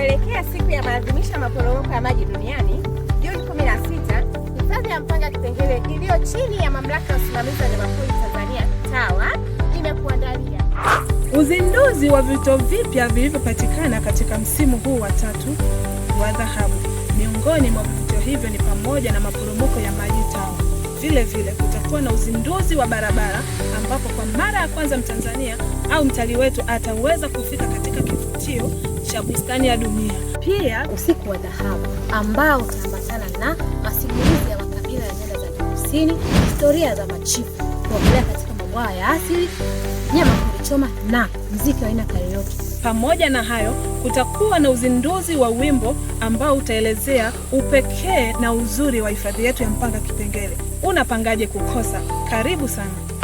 Kuelekea siku ya maadhimisho ya maporomoko ya maji duniani Juni 16, hifadhi ya Mpanga Kipengere iliyo chini ya mamlaka ya usimamizi wa wanyamapori Tanzania TAWA imekuandalia uzinduzi wa vito vipya vilivyopatikana katika msimu huu wa tatu wa dhahabu. Miongoni mwa vivutio hivyo ni pamoja na maporomoko ya maji TAWA. Vile vile kutakuwa na uzinduzi wa barabara ambapo kwa mara ya kwanza Mtanzania au mtalii wetu ataweza kufika katika kitu ya bustani ya dunia, pia usiku wa dhahabu ambao utaambatana na masimulizi ya makabila ya nyanda za juu kusini, historia za machifu kuogelea katika mabwawa ya asili, nyama kulichoma na mziki wa aina karaoke. Pamoja na hayo, kutakuwa na uzinduzi wa wimbo ambao utaelezea upekee na uzuri wa hifadhi yetu ya Mpanga Kipengere. Unapangaje kukosa? Karibu sana.